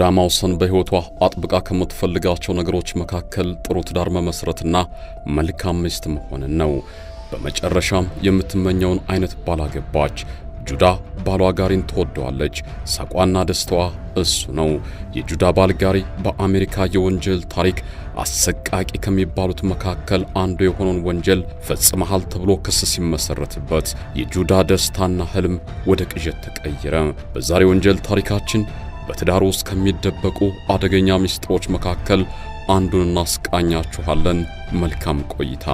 ዳማውሰን በህይወቷ አጥብቃ ከምትፈልጋቸው ነገሮች መካከል ጥሩ ትዳር መመስረትና መልካም ሚስት መሆንን ነው። በመጨረሻም የምትመኘውን አይነት ባላገባች ጁዳ ባሏ ጋሪን ትወደዋለች። ሳቋና ደስታዋ እሱ ነው። የጁዳ ባል ጋሪ በአሜሪካ የወንጀል ታሪክ አሰቃቂ ከሚባሉት መካከል አንዱ የሆነውን ወንጀል ፈጽመሃል ተብሎ ክስ ሲመሰረትበት የጁዳ ደስታና ህልም ወደ ቅዠት ተቀየረ። በዛሬ ወንጀል ታሪካችን በትዳር ውስጥ ከሚደበቁ አደገኛ ምስጢሮች መካከል አንዱን እናስቃኛችኋለን። መልካም ቆይታ።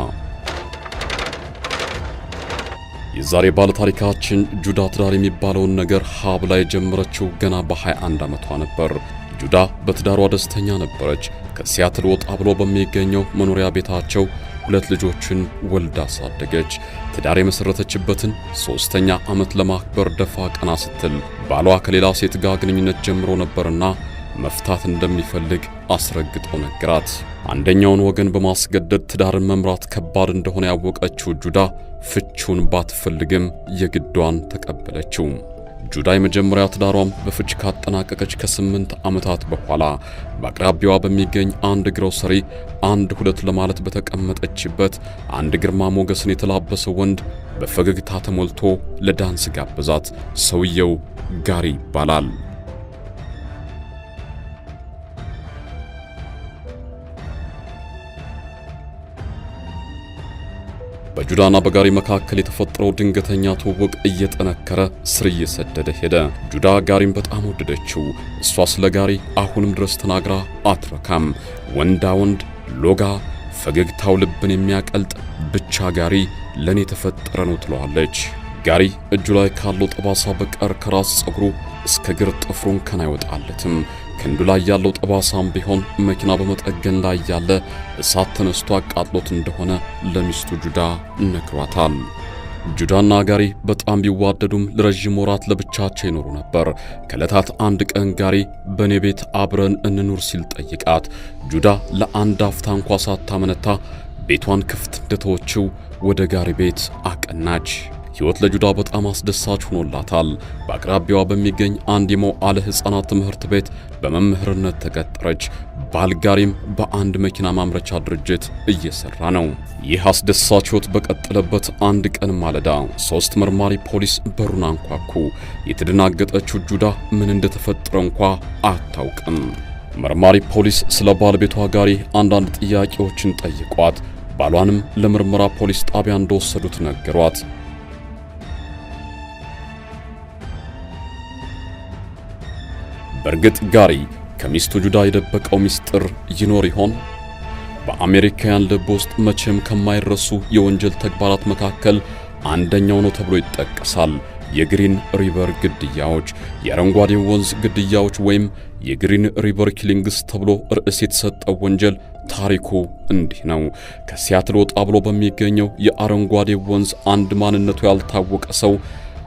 የዛሬ ባለታሪካችን ጁዳ ትዳር የሚባለውን ነገር ሀብ ላይ የጀመረችው ገና በ21 ዓመቷ ነበር። ጁዳ በትዳሯ ደስተኛ ነበረች። ከሲያትል ወጣ ብሎ በሚገኘው መኖሪያ ቤታቸው ሁለት ልጆችን ወልዳ አሳደገች። ትዳር የመሰረተችበትን ሶስተኛ ዓመት ለማክበር ደፋ ቀና ስትል ባሏ ከሌላ ሴት ጋር ግንኙነት ጀምሮ ነበርና መፍታት እንደሚፈልግ አስረግጦ ነገራት። አንደኛውን ወገን በማስገደድ ትዳርን መምራት ከባድ እንደሆነ ያወቀችው ጁዳ ፍቹን ባትፈልግም የግዷን ተቀበለችው። ጁዳ የመጀመሪያ ትዳሯም በፍች ካጠናቀቀች ከስምንት ዓመታት በኋላ በአቅራቢያዋ በሚገኝ አንድ ግሮሰሪ አንድ ሁለት ለማለት በተቀመጠችበት አንድ ግርማ ሞገስን የተላበሰ ወንድ በፈገግታ ተሞልቶ ለዳንስ ጋበዛት። ሰውየው ጋሪ ይባላል። በጁዳና በጋሪ መካከል የተፈጠረው ድንገተኛ ትውውቅ እየጠነከረ ስር እየሰደደ ሄደ። ጁዳ ጋሪም በጣም ወደደችው። እሷ ስለ ጋሪ አሁንም ድረስ ተናግራ አትረካም። ወንዳ ወንድ ሎጋ፣ ፈገግታው ልብን የሚያቀልጥ ብቻ ጋሪ ለእኔ የተፈጠረ ነው ትለዋለች። ጋሪ እጁ ላይ ካለው ጠባሳ በቀር ከራስ ጸጉሩ እስከ ግር ጥፍሩን ከን አይወጣለትም። ክንዱ ላይ ያለው ጠባሳም ቢሆን መኪና በመጠገን ላይ ያለ እሳት ተነስቶ አቃጥሎት እንደሆነ ለሚስቱ ጁዳ ነግሯታል። ጁዳና ጋሪ በጣም ቢዋደዱም ለረዥም ወራት ለብቻቸው ይኖሩ ነበር። ከዕለታት አንድ ቀን ጋሪ በእኔ ቤት አብረን እንኑር ሲል ጠይቃት፣ ጁዳ ለአንድ አፍታ እንኳ ሳታመነታ ቤቷን ክፍት እንደተወችው ወደ ጋሪ ቤት አቀናች። ሕይወት ለጁዳ በጣም አስደሳች ሆኖላታል። በአቅራቢያዋ በሚገኝ አንድ የመዋዕለ ሕፃናት ትምህርት ቤት በመምህርነት ተቀጠረች። ባልጋሪም በአንድ መኪና ማምረቻ ድርጅት እየሰራ ነው። ይህ አስደሳች ሕይወት በቀጠለበት አንድ ቀን ማለዳ ሶስት መርማሪ ፖሊስ በሩን አንኳኩ። የተደናገጠችው ጁዳ ምን እንደተፈጠረ እንኳ አታውቅም። መርማሪ ፖሊስ ስለ ባለቤቷ ጋሪ አንዳንድ ጥያቄዎችን ጠይቋት ባሏንም ለምርመራ ፖሊስ ጣቢያ እንደወሰዱት ነገሯት። በእርግጥ ጋሪ ከሚስቱ ጁዳ የደበቀው ምስጢር ይኖር ይሆን? በአሜሪካውያን ልብ ውስጥ መቼም ከማይረሱ የወንጀል ተግባራት መካከል አንደኛው ነው ተብሎ ይጠቀሳል። የግሪን ሪቨር ግድያዎች፣ የአረንጓዴ ወንዝ ግድያዎች ወይም የግሪን ሪቨር ኪሊንግስ ተብሎ ርዕስ የተሰጠው ወንጀል ታሪኩ እንዲህ ነው። ከሲያትል ወጣ ብሎ በሚገኘው የአረንጓዴ ወንዝ አንድ ማንነቱ ያልታወቀ ሰው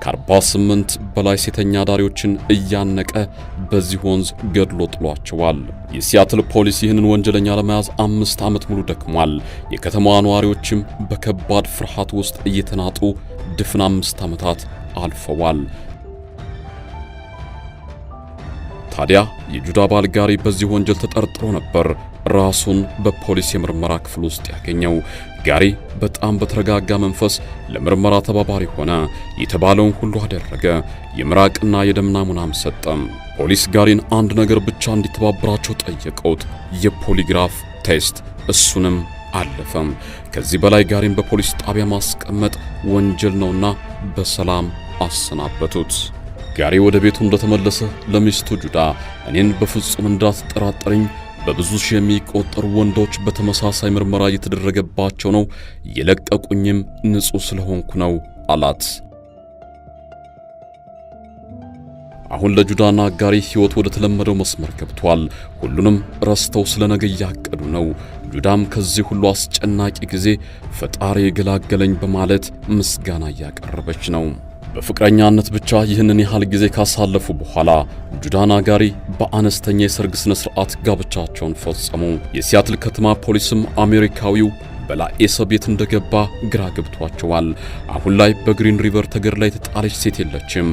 ከ48 በላይ ሴተኛ አዳሪዎችን እያነቀ በዚህ ወንዝ ገድሎ ጥሏቸዋል። የሲያትል ፖሊስ ይህንን ወንጀለኛ ለመያዝ አምስት ዓመት ሙሉ ደክሟል። የከተማዋ ነዋሪዎችም በከባድ ፍርሃት ውስጥ እየተናጡ ድፍን አምስት ዓመታት አልፈዋል። ታዲያ የጁዳ ባልጋሪ ጋሪ በዚህ ወንጀል ተጠርጥሮ ነበር ራሱን በፖሊስ የምርመራ ክፍል ውስጥ ያገኘው። ጋሪ በጣም በተረጋጋ መንፈስ ለምርመራ ተባባሪ ሆነ። የተባለውን ሁሉ አደረገ። የምራቅና የደም ናሙናም ሰጠም። ፖሊስ ጋሪን አንድ ነገር ብቻ እንዲተባበራቸው ጠየቀውት፣ የፖሊግራፍ ቴስት። እሱንም አለፈም። ከዚህ በላይ ጋሪን በፖሊስ ጣቢያ ማስቀመጥ ወንጀል ነውና በሰላም አሰናበቱት። ጋሪ ወደ ቤቱ እንደተመለሰ ለሚስቱ ጁዳ እኔን በፍጹም እንዳትጠራጠርኝ በብዙ ሺህ የሚቆጠሩ ወንዶች በተመሳሳይ ምርመራ እየተደረገባቸው ነው፣ የለቀቁኝም ንጹህ ስለሆንኩ ነው አላት። አሁን ለጁዳና ጋሪ ሕይወት ወደ ተለመደው መስመር ገብቷል። ሁሉንም ረስተው ስለ ነገ እያቀዱ ነው። ጁዳም ከዚህ ሁሉ አስጨናቂ ጊዜ ፈጣሪ የገላገለኝ በማለት ምስጋና እያቀረበች ነው። በፍቅረኛነት ብቻ ይህንን ያህል ጊዜ ካሳለፉ በኋላ ጁዳና ጋሪ በአነስተኛ የሰርግ ስነ ስርዓት ጋብቻቸውን ፈጸሙ። የሲያትል ከተማ ፖሊስም አሜሪካዊው በላኤሰ ቤት እንደገባ ግራ ገብቷቸዋል። አሁን ላይ በግሪን ሪቨር ተገድላ የተጣለች ሴት የለችም።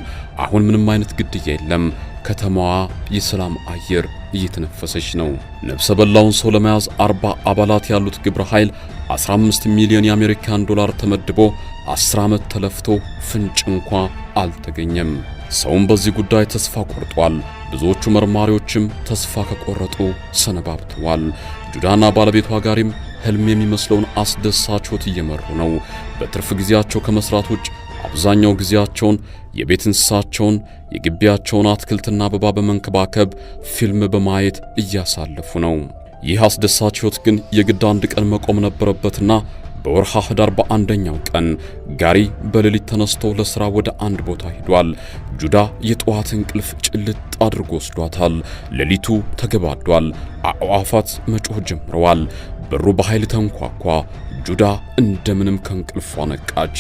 አሁን ምንም አይነት ግድያ የለም። ከተማዋ የሰላም አየር እየተነፈሰች ነው። ነፍሰ በላውን ሰው ለመያዝ 40 አባላት ያሉት ግብረ ኃይል 15 ሚሊዮን የአሜሪካን ዶላር ተመድቦ 10 ዓመት ተለፍቶ ፍንጭ እንኳ አልተገኘም። ሰውም በዚህ ጉዳይ ተስፋ ቆርጧል። ብዙዎቹ መርማሪዎችም ተስፋ ከቆረጡ ሰነባብተዋል። ጁዳና ባለቤቷ ጋሪም ህልም የሚመስለውን አስደሳች ሕይወት እየመሩ ነው። በትርፍ ጊዜያቸው ከመስራት ውጭ አብዛኛው ጊዜያቸውን የቤት እንስሳቸውን የግቢያቸውን አትክልትና አበባ በመንከባከብ ፊልም በማየት እያሳለፉ ነው። ይህ አስደሳች ሕይወት ግን የግድ አንድ ቀን መቆም ነበረበትና በወርሃ ህዳር በአንደኛው ቀን ጋሪ በሌሊት ተነስቶ ለሥራ ወደ አንድ ቦታ ሂዷል። ጁዳ የጠዋት እንቅልፍ ጭልጥ አድርጎ ወስዷታል። ሌሊቱ ተገባዷል። አዕዋፋት መጮህ ጀምረዋል። በሩ በኃይል ተንኳኳ። ጁዳ እንደምንም ከእንቅልፏ ነቃች።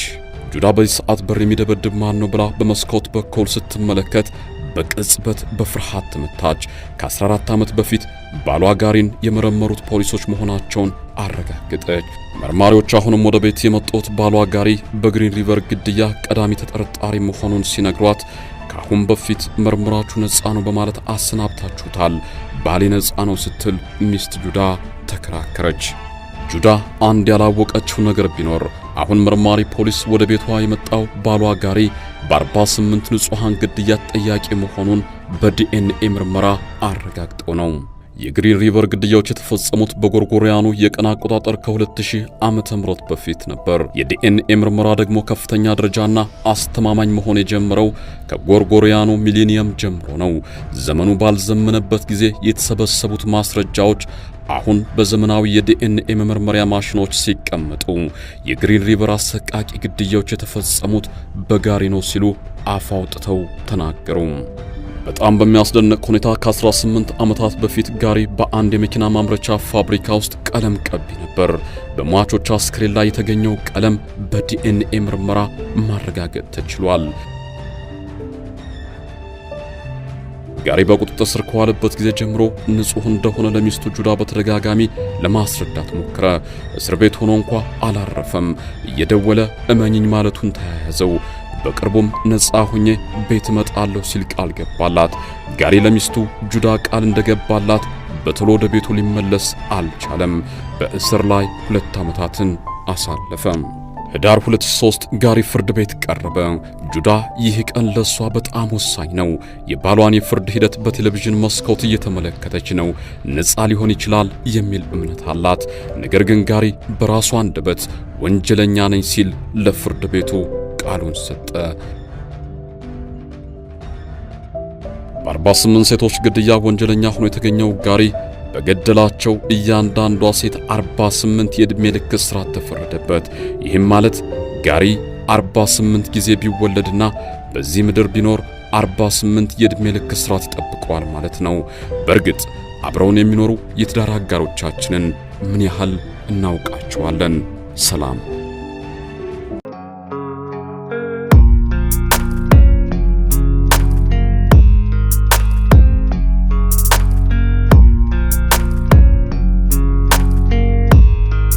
ጁዳ በዚህ ሰዓት በር የሚደበድብ ማን ነው ብላ በመስኮት በኩል ስትመለከት በቅጽበት በፍርሃት ተመታች። ከ14 ዓመት በፊት ባሏ ጋሪን የመረመሩት ፖሊሶች መሆናቸውን አረጋግጠች መርማሪዎች አሁንም ወደ ቤት የመጡት ባሏ ጋሪ በግሪን ሪቨር ግድያ ቀዳሚ ተጠርጣሪ መሆኑን ሲነግሯት ከአሁን በፊት መርምራችሁ ነፃ ነው በማለት አሰናብታችሁታል፣ ባሌ ነፃ ነው ስትል ሚስት ጁዳ ተከራከረች። ጁዳ አንድ ያላወቀችው ነገር ቢኖር አሁን መርማሪ ፖሊስ ወደ ቤቷ የመጣው ባሏ ጋሪ በ48 ንጹሐን ግድያ ተጠያቂ መሆኑን በዲኤንኤ ምርመራ አረጋግጠው ነው። የግሪን ሪቨር ግድያዎች የተፈጸሙት በጎርጎሪያኑ የቀን አቆጣጠር ከ2000 ዓመተ ምህረት በፊት ነበር። የዲኤንኤ ምርመራ ደግሞ ከፍተኛ ደረጃና አስተማማኝ መሆን የጀመረው ከጎርጎሪያኑ ሚሊኒየም ጀምሮ ነው። ዘመኑ ባልዘመነበት ጊዜ የተሰበሰቡት ማስረጃዎች አሁን በዘመናዊ የዲኤንኤ መመርመሪያ ማሽኖች ሲቀመጡ የግሪን ሪቨር አሰቃቂ ግድያዎች የተፈጸሙት በጋሪ ነው ሲሉ አፍ አውጥተው ተናገሩ። በጣም በሚያስደንቅ ሁኔታ ከ18 ዓመታት በፊት ጋሪ በአንድ የመኪና ማምረቻ ፋብሪካ ውስጥ ቀለም ቀቢ ነበር። በሟቾች አስክሬን ላይ የተገኘው ቀለም በዲኤንኤ ምርመራ ማረጋገጥ ተችሏል። ጋሪ በቁጥጥር ስር ከዋለበት ጊዜ ጀምሮ ንጹህ እንደሆነ ለሚስቱ ጁዳ በተደጋጋሚ ለማስረዳት ሞከረ። እስር ቤት ሆኖ እንኳ አላረፈም። እየደወለ እመኝኝ ማለቱን ተያያዘው። በቅርቡም ነፃ ሁኜ ቤት እመጣለሁ ሲል ቃል ገባላት። ጋሪ ለሚስቱ ጁዳ ቃል እንደገባላት በቶሎ ወደ ቤቱ ሊመለስ አልቻለም። በእስር ላይ ሁለት ዓመታትን አሳለፈም ህዳር 23 ጋሪ ፍርድ ቤት ቀረበ። ጁዳ ይህ ቀን ለሷ በጣም ወሳኝ ነው። የባሏን የፍርድ ሂደት በቴሌቪዥን መስኮት እየተመለከተች ነው። ነፃ ሊሆን ይችላል የሚል እምነት አላት። ነገር ግን ጋሪ በራሷ አንደበት ወንጀለኛ ነኝ ሲል ለፍርድ ቤቱ ቃሉን ሰጠ በአርባ ስምንት ሴቶች ግድያ ወንጀለኛ ሆኖ የተገኘው ጋሪ በገደላቸው እያንዳንዷ ሴት 48 የዕድሜ ልክ እስራት ተፈረደበት። ይህም ማለት ጋሪ 48 ጊዜ ቢወለድና በዚህ ምድር ቢኖር 48 የዕድሜ ልክ እስራት ይጠብቀዋል ማለት ነው። በእርግጥ አብረውን የሚኖሩ የትዳር አጋሮቻችንን ምን ያህል እናውቃቸዋለን? ሰላም